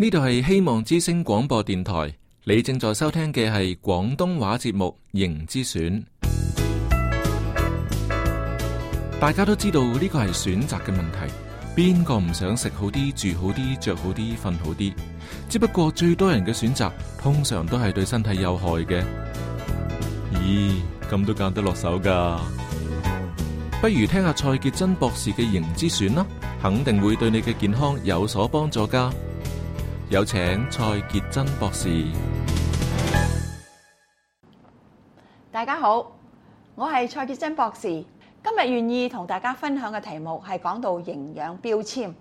呢度係希望之聲廣播電台，你正在收聽嘅係廣東話節目《形之選》。大家都知道呢、這個係選擇嘅問題，邊個唔想食好啲、住好啲、着好啲、瞓好啲？只不過最多人嘅選擇通常都係對身體有害嘅。咦，咁都揀得落手噶？不如聽下蔡潔真博士嘅《形之選》啦，肯定會對你嘅健康有所幫助噶。有請蔡潔貞博士。大家好，我係蔡潔貞博士。今日願意同大家分享嘅題目係講到營養標籤。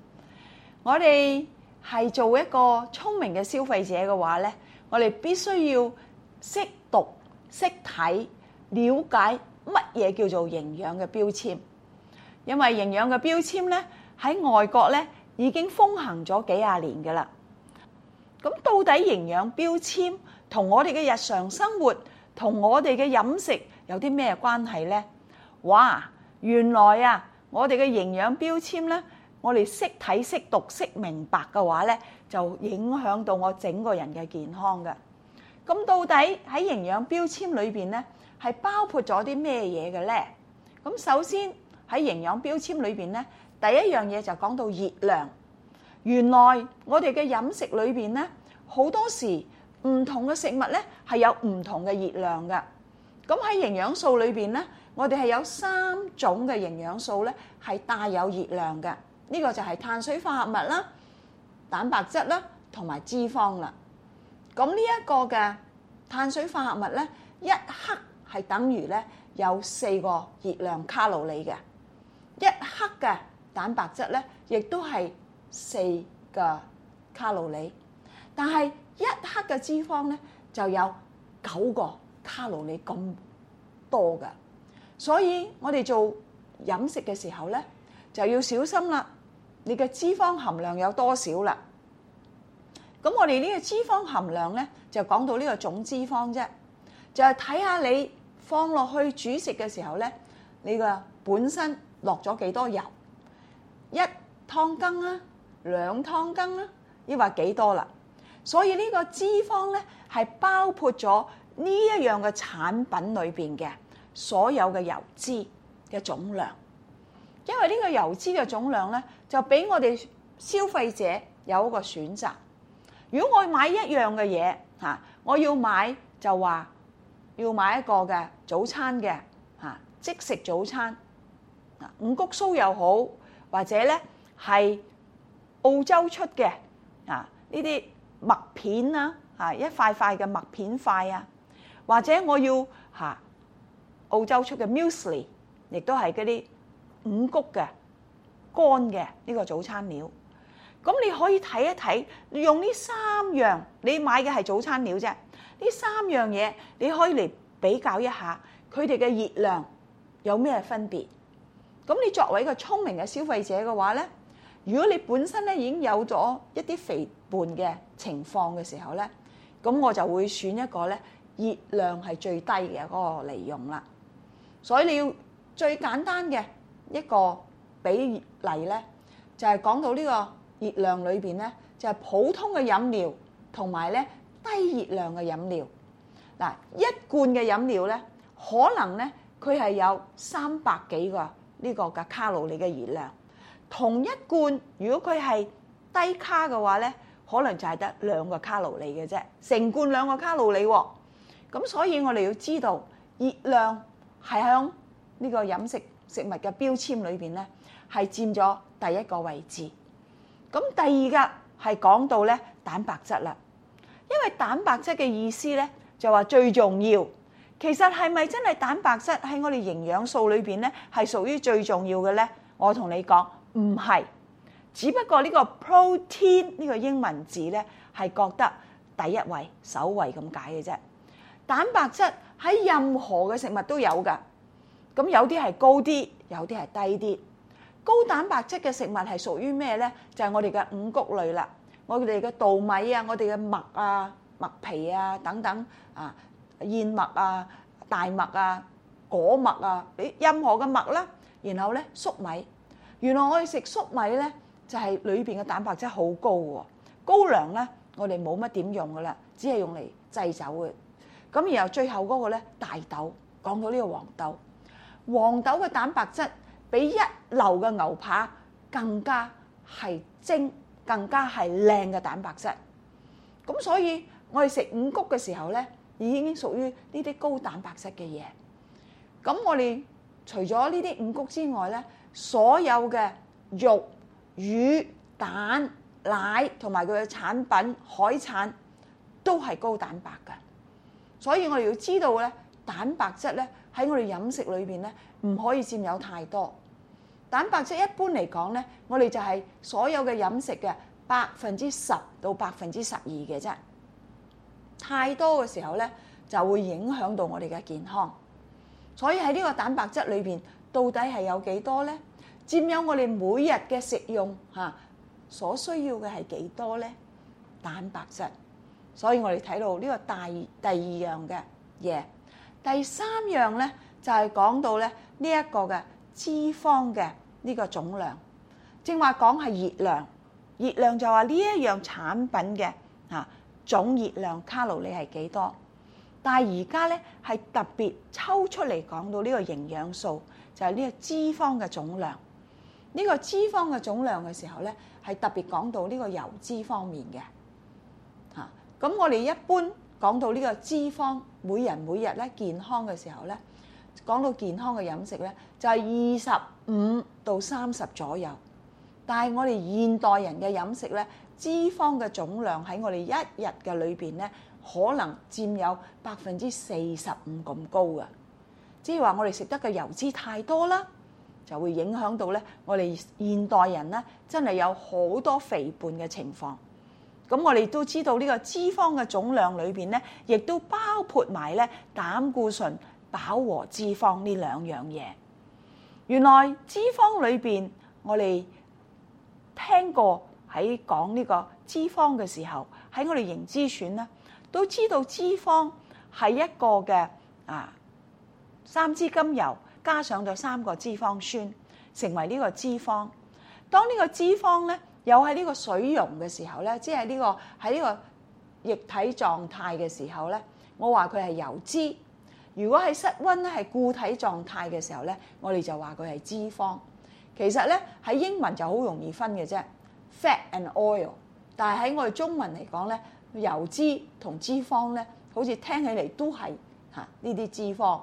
我哋係做一個聰明嘅消費者嘅話咧，我哋必須要識讀、識睇、了解乜嘢叫做營養嘅標籤。因為營養嘅標籤咧，喺外國咧已經風行咗幾廿年㗎喇。咁到底營養標籤同我哋嘅日常生活同我哋嘅飲食有啲咩關係呢？哇，原來啊，我哋嘅營養標籤呢，我哋識睇識讀識明白嘅話呢,就影響到我整個人嘅健康嘅。原來我哋嘅飲食裏邊咧，好多時唔同嘅食物咧係有唔同嘅熱量嘅。咁喺營養素裏邊咧，我哋係有三種嘅營養素咧係帶有熱量嘅。呢個就係碳水化合物啦、蛋白質啦同埋脂肪啦。咁呢一個嘅碳水化合物咧，一克係等於咧有四個熱量卡路里嘅。一克嘅蛋白質咧，亦都係。四個卡路里，但係一克嘅脂肪咧就有九個卡路里咁多㗎，所以我哋做飲食嘅時候咧就要小心啦，你嘅脂肪含量有多少啦？咁我哋呢個脂肪含量咧就講到呢個總脂肪啫，就係睇下你放落去煮食嘅時候咧，你個本身落咗幾多油，一湯羹啊～兩湯羹啦，抑或幾多啦？所以呢個脂肪咧，係包括咗呢一樣嘅產品裏邊嘅所有嘅油脂嘅總量。因為呢個油脂嘅總量咧，就俾我哋消費者有一個選擇。如果我買一樣嘅嘢嚇，我要買就話要買一個嘅早餐嘅嚇，即食早餐，五穀酥又好，或者咧係。澳洲出嘅啊呢啲麥片啦啊一塊塊嘅麥片塊啊或者我要吓、啊、澳洲出嘅 muesli 亦都係嗰啲五谷嘅乾嘅呢、這個早餐料咁你可以睇一睇用呢三樣你買嘅係早餐料啫呢三樣嘢你可以嚟比較一下佢哋嘅熱量有咩分別咁你作為一個聰明嘅消費者嘅話咧？如果你本身咧已經有咗一啲肥胖嘅情況嘅時候咧，咁我就會選一個咧熱量係最低嘅嗰個嚟用啦。所以你要最簡單嘅一個比例咧，就係講到呢個熱量裏邊咧，就係普通嘅飲料同埋咧低熱量嘅飲料。嗱，一罐嘅飲料咧，可能咧佢係有三百幾個呢個嘅卡路里嘅熱量。同一罐，如果佢係低卡嘅話咧，可能就係得兩個卡路里嘅啫，成罐兩個卡路里喎。咁所以我哋要知道熱量係響呢個飲食食物嘅標籤裏邊咧，係佔咗第一個位置。咁第二個係講到咧蛋白質啦，因為蛋白質嘅意思咧就話最重要。其實係咪真係蛋白質喺我哋營養素裏邊咧係屬於最重要嘅咧？我同你講。唔係，只不過呢個 protein 呢個英文字咧係覺得第一位、首位咁解嘅啫。蛋白質喺任何嘅食物都有噶，咁有啲係高啲，有啲係低啲。高蛋白質嘅食物係屬於咩咧？就係、是、我哋嘅五穀類啦，我哋嘅稻米啊，我哋嘅麥啊、麥皮啊等等啊、燕麥啊、大麥啊、果麥啊，啲、欸、任何嘅麥啦，然後咧粟米。原來我哋食粟米咧，就係裏邊嘅蛋白質好高喎。高粱咧，我哋冇乜點用噶啦，只係用嚟製酒嘅。咁然後最後嗰個咧，大豆講到呢個黃豆，黃豆嘅蛋白質比一流嘅牛扒更加係精，更加係靚嘅蛋白質。咁所以我哋食五穀嘅時候咧，已經屬於呢啲高蛋白質嘅嘢。咁我哋。除咗呢啲五穀之外咧，所有嘅肉、魚、蛋、奶同埋佢嘅產品、海產都係高蛋白嘅。所以我哋要知道咧，蛋白質咧喺我哋飲食裏邊咧唔可以佔有太多。蛋白質一般嚟講咧，我哋就係所有嘅飲食嘅百分之十到百分之十二嘅啫。太多嘅時候咧，就會影響到我哋嘅健康。所以喺呢個蛋白質裏邊，到底係有幾多呢？佔有我哋每日嘅食用嚇所需要嘅係幾多呢？蛋白質。所以我哋睇到呢個第第二樣嘅嘢，yeah. 第三樣呢，就係、是、講到咧呢一個嘅脂肪嘅呢個總量，正話講係熱量。熱量就話呢一樣產品嘅嚇、啊、總熱量卡路里係幾多？但係而家咧係特別抽出嚟講到呢個營養素，就係呢個脂肪嘅總量。呢個脂肪嘅總量嘅時候咧，係特別講到呢個油脂方面嘅。嚇，咁我哋一般講到呢個脂肪，每人每日咧健康嘅時候咧，講到健康嘅飲食咧，就係二十五到三十左右。但係我哋現代人嘅飲食咧，脂肪嘅總量喺我哋一日嘅裏邊咧。可能佔有百分之四十五咁高嘅，即係話我哋食得嘅油脂太多啦，就會影響到咧。我哋現代人咧真係有好多肥胖嘅情況。咁我哋都知道呢個脂肪嘅總量裏邊咧，亦都包括埋咧膽固醇、飽和脂肪呢兩樣嘢。原來脂肪裏邊，我哋聽過喺講呢個脂肪嘅時候，喺我哋認知選呢。都知道脂肪係一個嘅啊，三脂甘油加上咗三個脂肪酸，成為呢個脂肪。當呢個脂肪咧，又喺呢個水溶嘅時候咧，即係呢個喺呢個液體狀態嘅時候咧，我話佢係油脂。如果喺室溫咧係固體狀態嘅時候咧，我哋就話佢係脂肪。其實咧喺英文就好容易分嘅啫，fat and oil。但係喺我哋中文嚟講咧。油脂同脂肪咧，好似聽起嚟都係嚇呢啲脂肪。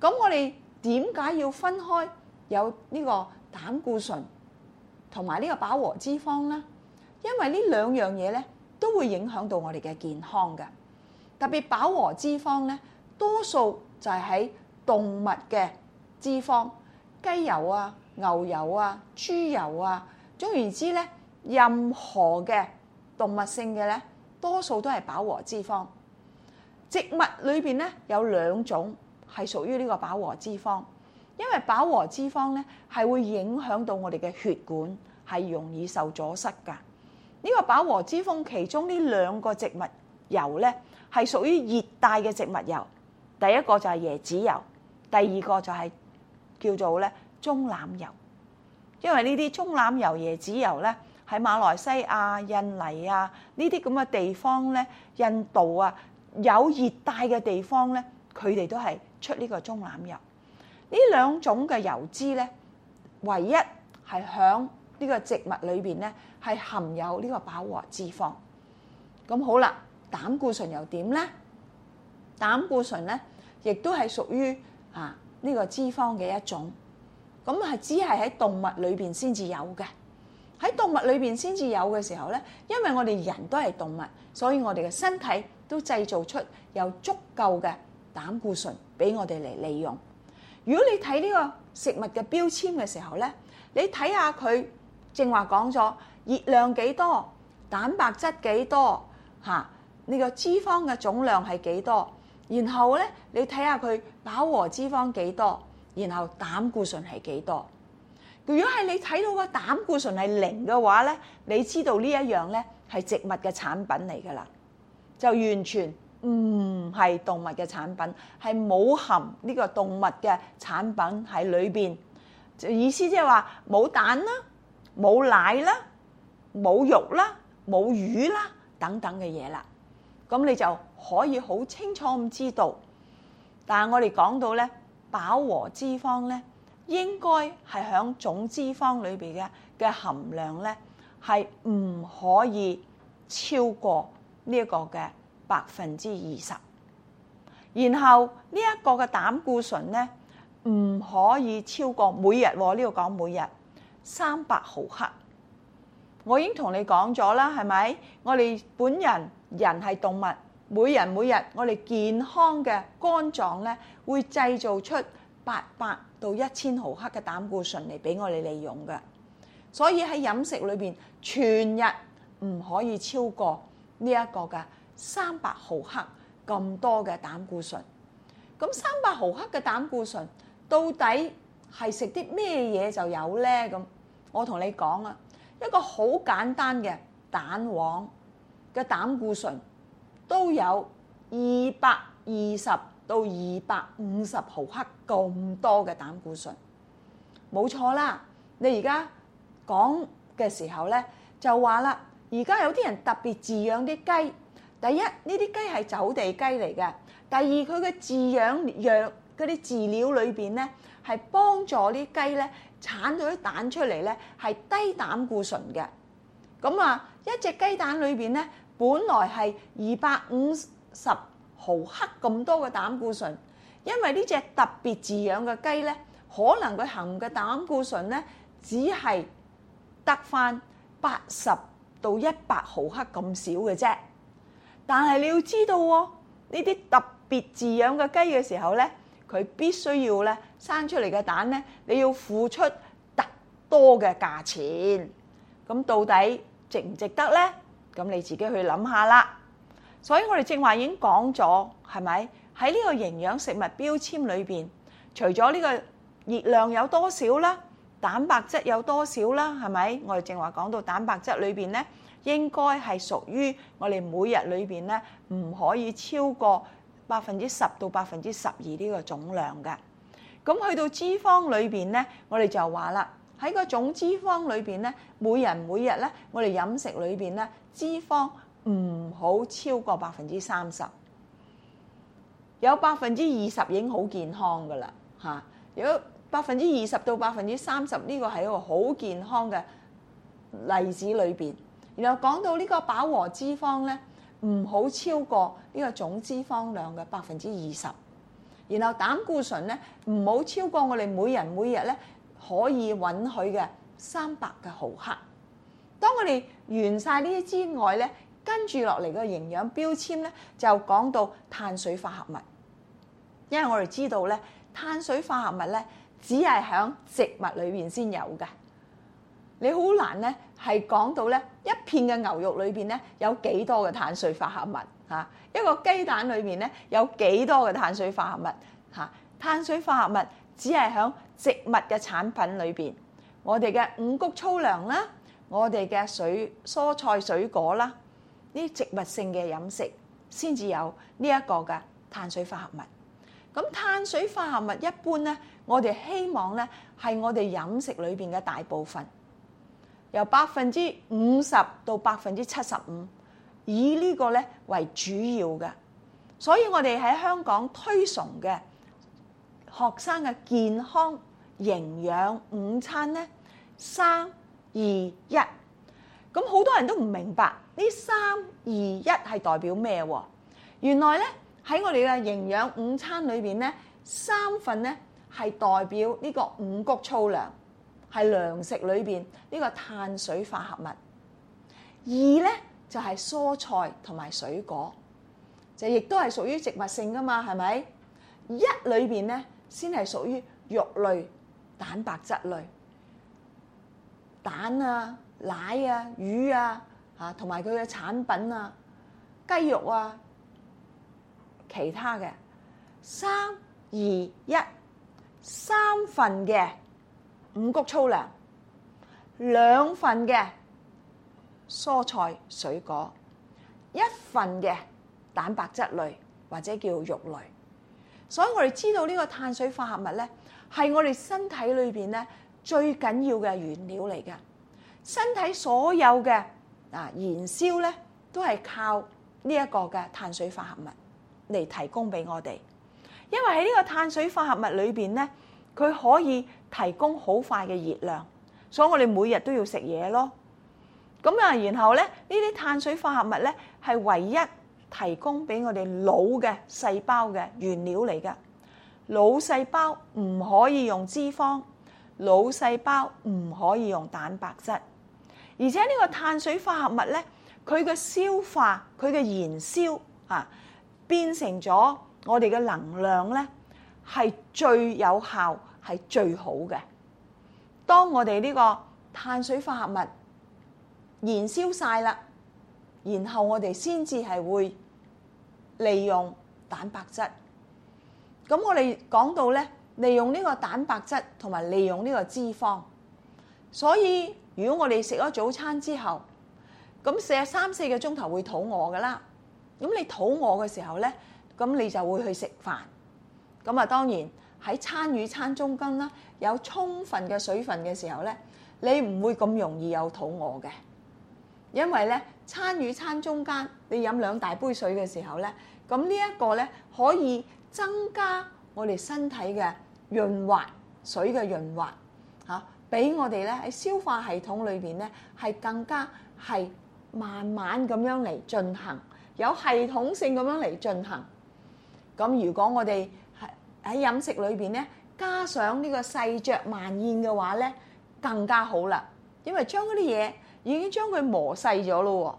咁我哋點解要分開有呢個膽固醇同埋呢個飽和脂肪咧？因為呢兩樣嘢咧都會影響到我哋嘅健康嘅。特別飽和脂肪咧，多數就係喺動物嘅脂肪，雞油啊、牛油啊、豬油啊，總而言之咧，任何嘅動物性嘅咧。多數都係飽和脂肪，植物裏邊咧有兩種係屬於呢個飽和脂肪，因為飽和脂肪咧係會影響到我哋嘅血管係容易受阻塞㗎。呢、呢個飽和脂肪其中呢兩個植物油咧係屬於熱帶嘅植物油，第一個就係椰子油，第二個就係叫做咧棕櫚油，因為呢啲棕櫚油、椰子油咧。喺馬來西亞、印尼啊，呢啲咁嘅地方咧，印度啊，有熱帶嘅地方咧，佢哋都係出呢個棕櫚油。呢兩種嘅油脂咧，唯一係響呢個植物裏邊咧，係含有呢個飽和脂肪。咁好啦，膽固醇又點咧？膽固醇咧，亦都係屬於啊呢個脂肪嘅一種。咁係只係喺動物裏邊先至有嘅。喺動物裏邊先至有嘅時候咧，因為我哋人都係動物，所以我哋嘅身體都製造出有足夠嘅膽固醇俾我哋嚟利用。如果你睇呢個食物嘅標籤嘅時候咧，你睇下佢正話講咗熱量幾多、蛋白質幾多、嚇呢個脂肪嘅總量係幾多，然後咧你睇下佢飽和脂肪幾多，然後膽固醇係幾多。如果係你睇到個膽固醇係零嘅話咧，你知道呢一樣咧係植物嘅產品嚟㗎啦，就完全唔係動物嘅產品，係冇含呢個動物嘅產品喺裏邊。意思即係話冇蛋啦，冇奶啦，冇肉啦，冇魚啦等等嘅嘢啦，咁你就可以好清楚咁知道。但係我哋講到咧飽和脂肪咧，應該係喺總脂肪裏邊嘅嘅含量咧，係唔可以超過呢一個嘅百分之二十。然後呢一個嘅膽固醇咧，唔可以超過每日喎。呢度講每日三百毫克。我已經同你講咗啦，係咪？我哋本人人係動物，每人每日我哋健康嘅肝臟咧會製造出八百。到一千毫克嘅膽固醇嚟俾我哋利用嘅，所以喺飲食裏邊，全日唔可以超過呢一個嘅三百毫克咁多嘅膽固醇。咁三百毫克嘅膽固醇到底係食啲咩嘢就有呢？咁我同你講啊，一個好簡單嘅蛋黃嘅膽固醇都有二百二十，到二百五十毫克咁多嘅膽固醇，冇錯啦。你而家講嘅時候咧，就話啦，而家有啲人特別飼養啲雞。第一，呢啲雞係走地雞嚟嘅；第二，佢嘅飼養藥嗰啲飼料裏邊咧，係幫助啲雞咧產到啲蛋出嚟咧，係低膽固醇嘅。咁啊，一隻雞蛋裏邊咧，本來係二百五十。毫克咁多嘅膽固醇，因為呢隻特別飼養嘅雞咧，可能佢含嘅膽固醇咧，只係得返八十到一百毫克咁少嘅啫。但係你要知道，呢啲特別飼養嘅雞嘅時候咧，佢必須要咧生出嚟嘅蛋咧，你要付出特多嘅價錢。咁到底值唔值得咧？咁你自己去諗下啦。所以我哋正話已經講咗，係咪？喺呢個營養食物標籤裏邊，除咗呢個熱量有多少啦，蛋白質有多少啦，係咪？我哋正話講到蛋白質裏邊咧，應該係屬於我哋每日裏邊咧，唔可以超過百分之十到百分之十二呢個總量嘅。咁去到脂肪裏邊咧，我哋就話啦，喺個總脂肪裏邊咧，每人每日咧，我哋飲食裏邊咧，脂肪。唔好超過百分之三十，有百分之二十已經好健康㗎喇吓。如果百分之二十到百分之三十呢個係一個好健康嘅例子裏邊。然後講到呢個飽和脂肪咧，唔好超過呢個總脂肪量嘅百分之二十。然後膽固醇咧，唔好超過我哋每人每日咧可以允許嘅三百嘅毫克。當我哋完晒呢啲之外咧。跟住落嚟嘅營養標籤咧，就講到碳水化合物，因為我哋知道咧，碳水化合物咧只係響植物裏邊先有嘅。你好難咧係講到咧一片嘅牛肉裏邊咧有幾多嘅碳水化合物嚇、啊，一個雞蛋裏邊咧有幾多嘅碳水化合物嚇、啊。碳水化合物只係響植物嘅產品裏邊，我哋嘅五穀粗糧啦，我哋嘅水蔬菜水果啦。呢植物性嘅飲食先至有呢一個嘅碳水化合物。咁碳水化合物一般咧，我哋希望咧係我哋飲食裏邊嘅大部分，由百分之五十到百分之七十五，以呢個咧為主要嘅。所以我哋喺香港推崇嘅學生嘅健康營養午餐咧，三二一。咁好多人都唔明白呢三二一係代表咩喎？原來呢，喺我哋嘅營養午餐裏邊呢，三份呢係代表呢個五穀粗糧係糧食裏邊呢個碳水化合物，二呢就係蔬菜同埋水果，就亦都係屬於植物性㗎嘛，係咪？一裏邊呢，先係屬於肉類、蛋白質類。蛋啊、奶啊、魚啊，蝦同埋佢嘅產品啊、雞肉啊、其他嘅，三二一，三份嘅五穀粗糧，兩份嘅蔬菜水果，一份嘅蛋白質類或者叫肉類。所以我哋知道呢個碳水化合物咧，係我哋身體裏邊咧。最緊要嘅原料嚟㗎，身體所有嘅啊燃燒咧，都係靠呢一個嘅碳水化合物嚟提供俾我哋。因為喺呢個碳水化合物裏邊咧，佢可以提供好快嘅熱量，所以我哋每日都要食嘢咯。咁啊，然後咧，呢啲碳水化合物咧，係唯一提供俾我哋腦嘅細胞嘅原料嚟㗎。腦細胞唔可以用脂肪。腦細胞唔可以用蛋白質，而且呢個碳水化合物咧，佢嘅消化、佢嘅燃燒啊，變成咗我哋嘅能量咧，係最有效、係最好嘅。當我哋呢個碳水化合物燃燒晒啦，然後我哋先至係會利用蛋白質。咁我哋講到咧。利用呢個蛋白質同埋利用呢個脂肪，所以如果我哋食咗早餐之後，咁四、三、四個鐘頭會肚餓噶啦。咁你肚餓嘅時候咧，咁你就會去食飯。咁啊，當然喺餐與餐中間啦，有充分嘅水分嘅時候咧，你唔會咁容易有肚餓嘅。因為咧，餐與餐中間你飲兩大杯水嘅時候咧，咁呢一個咧可以增加我哋身體嘅。潤滑水嘅潤滑嚇，俾，啊、我哋咧喺消化系統裏邊咧係更加係慢慢咁樣嚟進行，有系統性咁樣嚟進行。咁如果我哋喺喺飲食裏邊咧，加上呢個細嚼慢咽嘅話咧，更加好啦。因為將嗰啲嘢已經將佢磨細咗咯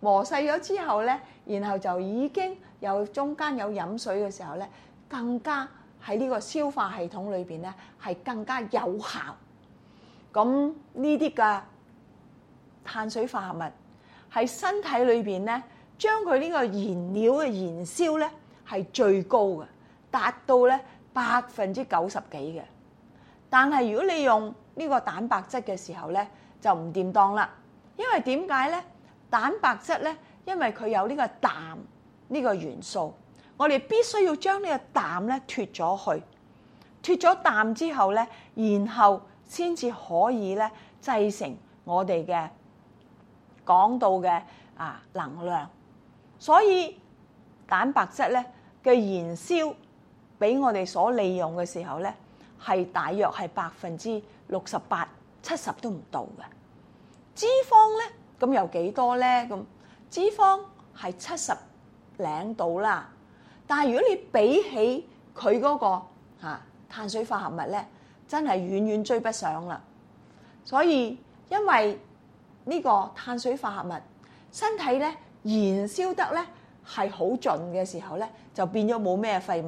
喎，磨細咗之後咧，然後就已經有中間有飲水嘅時候咧，更加。喺呢個消化系統裏邊咧，係更加有效。咁呢啲嘅碳水化合物喺身體裏邊咧，將佢呢個燃料嘅燃燒咧係最高嘅，達到咧百分之九十幾嘅。但係如果你用呢個蛋白質嘅時候咧，就唔掂當啦。因為點解咧？蛋白質咧，因為佢有呢個氮呢個元素。我哋必須要將呢個膽咧脫咗去，脫咗膽之後咧，然後先至可以咧製成我哋嘅講到嘅啊能量。所以蛋白質咧嘅燃燒俾我哋所利用嘅時候咧，係大約係百分之六十八、七十都唔到嘅，脂肪咧。咁有幾多咧？咁脂肪係七十零度啦。但係，如果你比起佢嗰個碳水化合物咧，真係遠遠追不上啦。所以，因為呢個碳水化合物身體咧燃燒得咧係好盡嘅時候咧，就變咗冇咩廢物。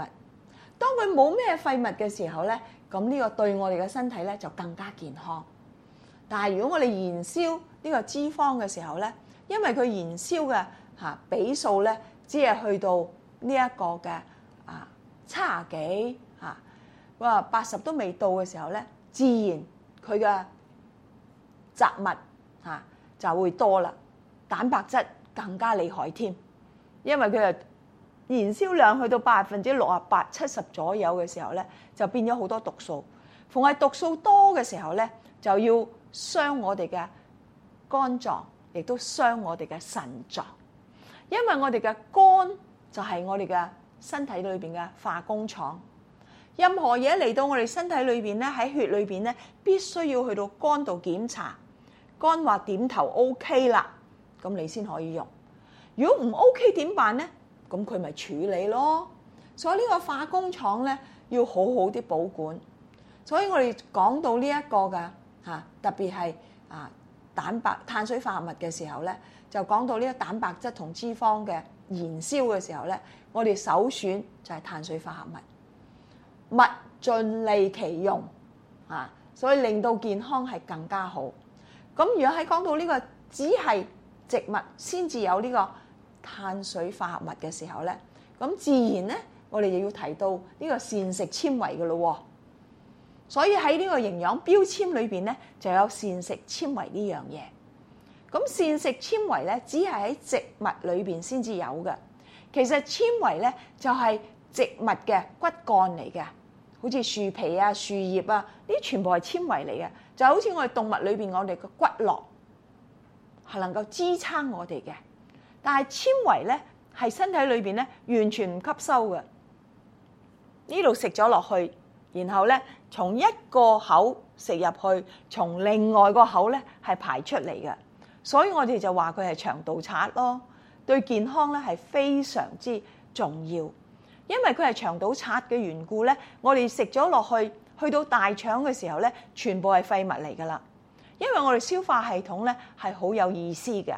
當佢冇咩廢物嘅時候咧，咁呢個對我哋嘅身體咧就更加健康。但係，如果我哋燃燒呢個脂肪嘅時候咧，因為佢燃燒嘅嚇比數咧，只係去到。呢一個嘅啊，七啊幾哇，八十都未到嘅時候咧，自然佢嘅雜物嚇、啊、就會多啦。蛋白質更加厲害添，因為佢嘅燃燒量去到百分之六啊八七十左右嘅時候咧，就變咗好多毒素。逢係毒素多嘅時候咧，就要傷我哋嘅肝臟，亦都傷我哋嘅腎臟，因為我哋嘅肝，就係我哋嘅身體裏邊嘅化工廠，任何嘢嚟到我哋身體裏邊咧，喺血裏邊咧，必須要去到肝度檢查，肝話點頭 OK 啦，咁你先可以用。如果唔 OK 點辦咧？咁佢咪處理咯。所以呢個化工廠咧，要好好啲保管。所以我哋講到呢一個噶吓，特別係啊蛋白碳水化合物嘅時候咧，就講到呢個蛋白質同脂肪嘅。燃燒嘅時候咧，我哋首選就係碳水化合物，物盡利其用啊，所以令到健康係更加好。咁如果喺講到呢個只係植物先至有呢個碳水化合物嘅時候咧，咁自然咧我哋又要提到呢個膳食纖維嘅咯。所以喺呢個營養標籤裏邊咧，就有膳食纖維呢樣嘢。咁膳食纖維咧，只係喺植物裏邊先至有嘅。其實纖維咧就係植物嘅骨幹嚟嘅，好似樹皮啊、樹葉啊，呢啲全部係纖維嚟嘅。就好似我哋動物裏邊，我哋個骨骼係能夠支撐我哋嘅。但係纖維咧係身體裏邊咧完全唔吸收嘅，呢度食咗落去，然後咧從一個口食入去，從另外個口咧係排出嚟嘅。所以我哋就話佢係腸道刷咯，對健康咧係非常之重要，因為佢係腸道刷嘅緣故咧，我哋食咗落去，去到大腸嘅時候咧，全部係廢物嚟㗎啦。因為我哋消化系統咧係好有意思嘅，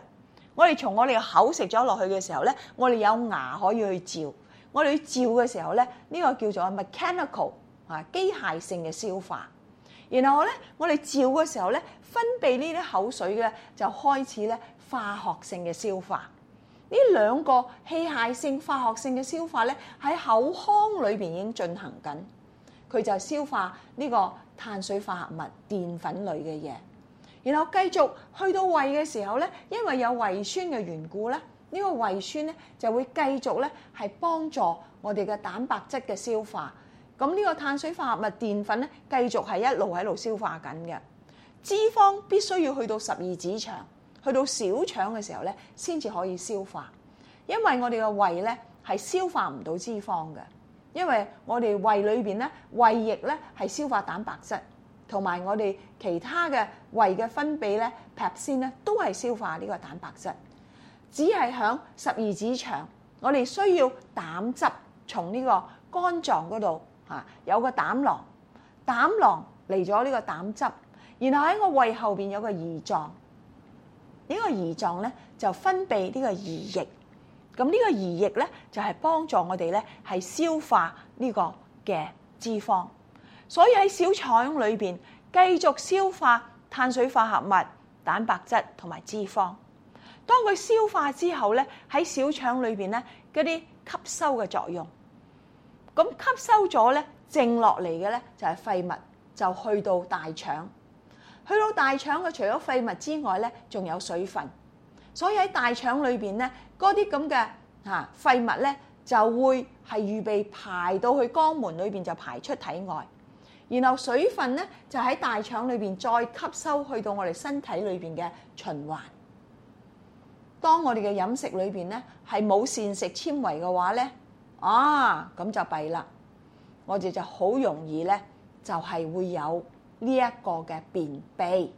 我哋從我哋嘅口食咗落去嘅時候咧，我哋有牙可以去照。我哋去照嘅時候咧，呢、這個叫做啊 mechanical 啊機械性嘅消化。然後咧，我哋嚼嘅時候咧，分泌呢啲口水嘅就開始咧化學性嘅消化。呢兩個器械性、化學性嘅消化咧，喺口腔裏邊已經進行緊。佢就消化呢消化個碳水化合物、澱粉類嘅嘢。然後繼續去到胃嘅時候咧，因為有胃酸嘅緣故咧，這個、呢個胃酸咧就會繼續咧係幫助我哋嘅蛋白質嘅消化。咁呢個碳水化合物澱呢、澱粉咧，繼續係一路喺度消化緊嘅，脂肪必須要去到十二指腸，去到小腸嘅時候咧，先至可以消化。因為我哋嘅胃咧係消化唔到脂肪嘅，因為我哋胃裏邊咧胃液咧係消化蛋白質，同埋我哋其他嘅胃嘅分泌咧 papine 咧都係消化呢個蛋白質，只係響十二指腸，我哋需要膽汁從呢個肝臟嗰度。啊，有個膽囊，膽囊嚟咗呢個膽汁，然後喺個胃後邊有個胰臟，呢個胰臟咧就分泌呢個胰液，咁呢個胰液咧就係幫助我哋咧係消化呢個嘅脂肪，所以喺小腸裏邊繼續消化碳水化合物、蛋白質同埋脂肪，當佢消化之後咧喺小腸裏邊咧嗰啲吸收嘅作用。咁吸收咗咧，剩落嚟嘅咧就係廢物，就去到大腸，去到大腸嘅除咗廢物之外咧，仲有水分，所以喺大腸裏邊咧，嗰啲咁嘅吓廢物咧就會係預備排到去肛門裏邊就排出體外，然後水分咧就喺大腸裏邊再吸收去到我哋身體裏邊嘅循環。當我哋嘅飲食裏邊咧係冇膳食纖維嘅話咧。啊，咁就弊啦！我哋就好容易咧，就係會有呢一個嘅便秘，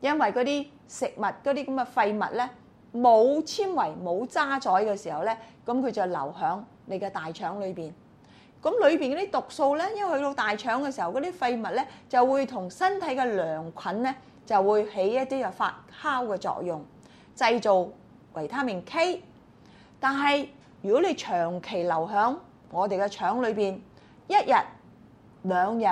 因為嗰啲食物嗰啲咁嘅廢物咧，冇纖維冇渣滓嘅時候咧，咁佢就流響你嘅大腸裏邊。咁裏邊嗰啲毒素咧，因為去到大腸嘅時候，嗰啲廢物咧就會同身體嘅良菌咧就會起一啲嘅發酵嘅作用，製造維他命 K，但係，如果你長期留喺我哋嘅腸裏邊，一日、兩日、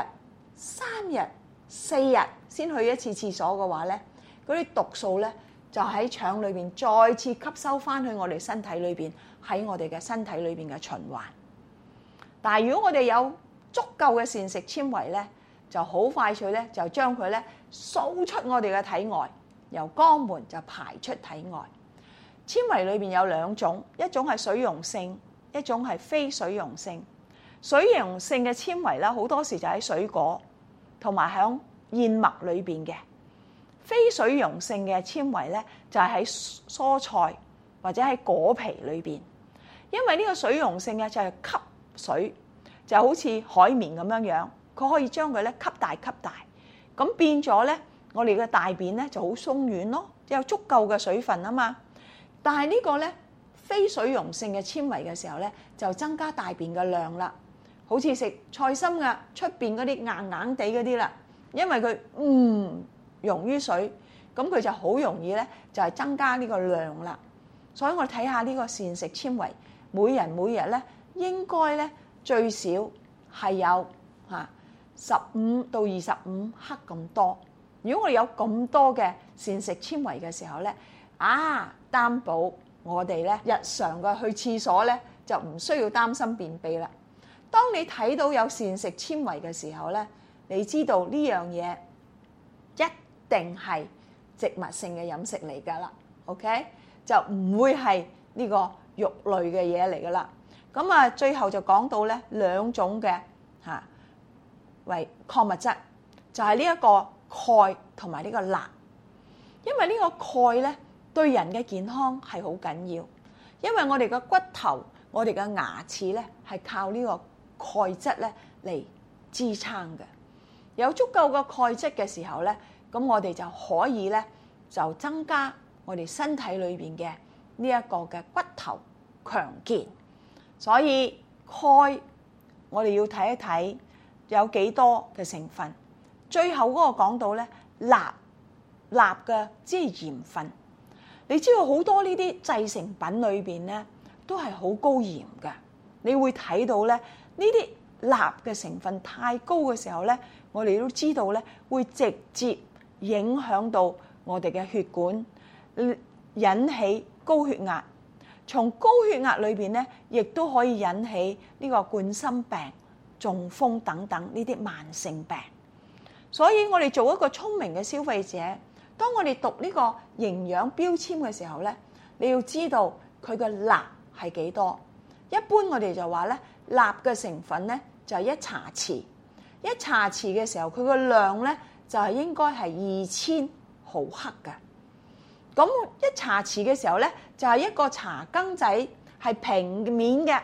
三日、四日先去一次廁所嘅話咧，嗰啲毒素咧就喺腸裏邊再次吸收翻去我哋身體裏邊，喺我哋嘅身體裏邊嘅循環。但係如果我哋有足夠嘅膳食纖維咧，就好快脆咧就將佢咧掃出我哋嘅體外，由肛門就排出體外。纖維裏邊有兩種，一種係水溶性，一種係非水溶性。水溶性嘅纖維咧，好多時就喺水果同埋響燕麥裏邊嘅；非水溶性嘅纖維咧，就係喺蔬菜或者喺果皮裏邊。因為呢個水溶性嘅就係吸水，就好似海綿咁樣樣，佢可以將佢咧吸大吸大，咁變咗咧，我哋嘅大便咧就好鬆軟咯，有足夠嘅水分啊嘛。但係呢個咧，非水溶性嘅纖維嘅時候咧，就增加大便嘅量啦。好似食菜心呀，出邊嗰啲硬硬地嗰啲啦，因為佢唔溶於水，咁佢就好容易咧就係增加呢個量啦。所以我哋睇下呢個膳食纖維，每人每日咧應該咧最少係有嚇十五到二十五克咁多。如果我哋有咁多嘅膳食纖維嘅時候咧，啊，擔保我哋咧日常嘅去廁所咧就唔需要擔心便秘啦。當你睇到有膳食纖維嘅時候咧，你知道呢樣嘢一定係植物性嘅飲食嚟噶啦。OK 就唔會係呢個肉類嘅嘢嚟噶啦。咁啊，最後就講到咧兩種嘅嚇為礦物質，就係呢一個鈣同埋呢個鈉，因為個呢個鈣咧。對人嘅健康係好緊要，因為我哋嘅骨頭，我哋嘅牙齒咧，係靠呢個鈣質咧嚟支撐嘅。有足夠嘅鈣質嘅時候咧，咁我哋就可以咧就增加我哋身體裏邊嘅呢一個嘅骨頭強健。所以鈣我哋要睇一睇有幾多嘅成分。最後嗰個講到咧，鈉鈉嘅即係鹽分。你知道好多呢啲製成品裡面呢，都係好高鹽嘅，你會睇到呢，呢啲鈉嘅成分太高嘅時候呢，我哋都知道呢，會直接影響到我哋嘅血管，引起高血壓，從高血壓裡面呢，亦都可以引起呢個冠心病，中風等等呢啲慢性病。所以我哋做一個聰明嘅消費者。當我哋讀呢個營養標籤嘅時候咧，你要知道佢嘅鈉係幾多。一般我哋就話咧，鈉嘅成分咧就係一茶匙。一茶匙嘅時候，佢個量咧就係應該係二千毫克嘅。咁一茶匙嘅時候咧，就係一個茶羹仔係平面嘅，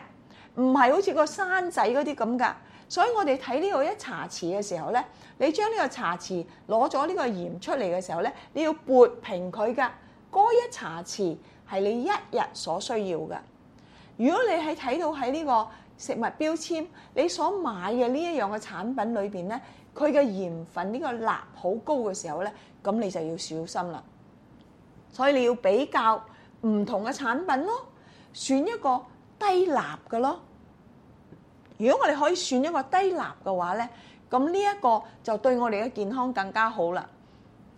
唔係好似個山仔嗰啲咁噶。所以我哋睇呢個一茶匙嘅時候咧，你將呢個茶匙攞咗呢個鹽出嚟嘅時候咧，你要撥平佢噶。嗰一茶匙係你一日所需要嘅。如果你係睇到喺呢個食物標籤，你所買嘅呢一樣嘅產品裏邊咧，佢嘅鹽分呢個鈉好高嘅時候咧，咁你就要小心啦。所以你要比較唔同嘅產品咯，選一個低鈉嘅咯。如果我哋可以選一個低鈉嘅話咧，咁呢一個就對我哋嘅健康更加好啦。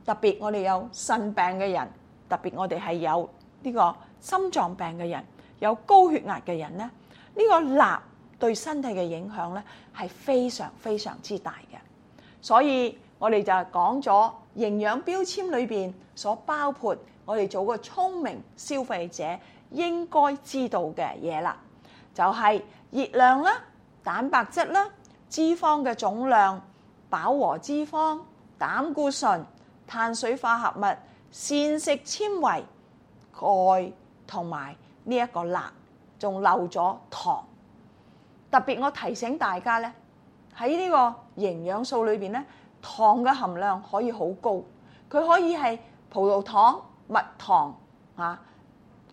特別我哋有腎病嘅人，特別我哋係有呢個心臟病嘅人，有高血壓嘅人咧，呢個鈉對身體嘅影響咧係非常非常之大嘅。所以我哋就係講咗營養標籤裏邊所包括我哋做個聰明消費者應該知道嘅嘢啦，就係熱量啦。蛋白質啦，脂肪嘅總量，飽和脂肪、膽固醇、碳水化合物、膳食纖維、鈣同埋呢一個鈉，仲漏咗糖。特別我提醒大家咧，喺呢個營養素裏邊咧，糖嘅含量可以好高，佢可以係葡萄糖、蜜糖啊、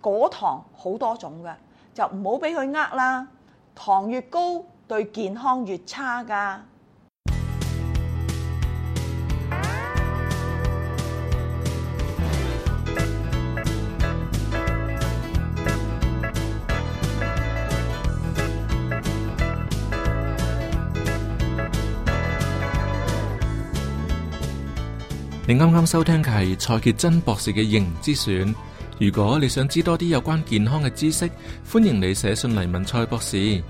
果糖好多種㗎，就唔好俾佢呃啦。糖越高，對健康越差噶 。你啱啱收聽嘅係蔡潔真博士嘅《形之選》。如果你想知多啲有關健康嘅知識，歡迎你寫信嚟問蔡博士。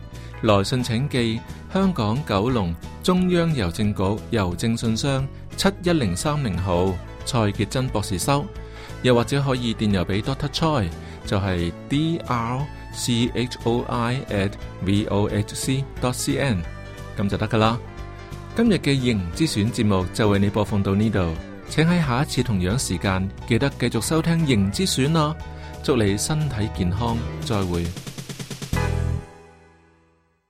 來信請寄香港九龍中央郵政局郵政信箱七一零三零號蔡杰真博士收，又或者可以電郵俾 Doctor Choi，就係 D R C H O I at V O H C dot C N，咁就得噶啦。今日嘅形之選節目就為你播放到呢度，請喺下一次同樣時間記得繼續收聽形之選啦。祝你身體健康，再會。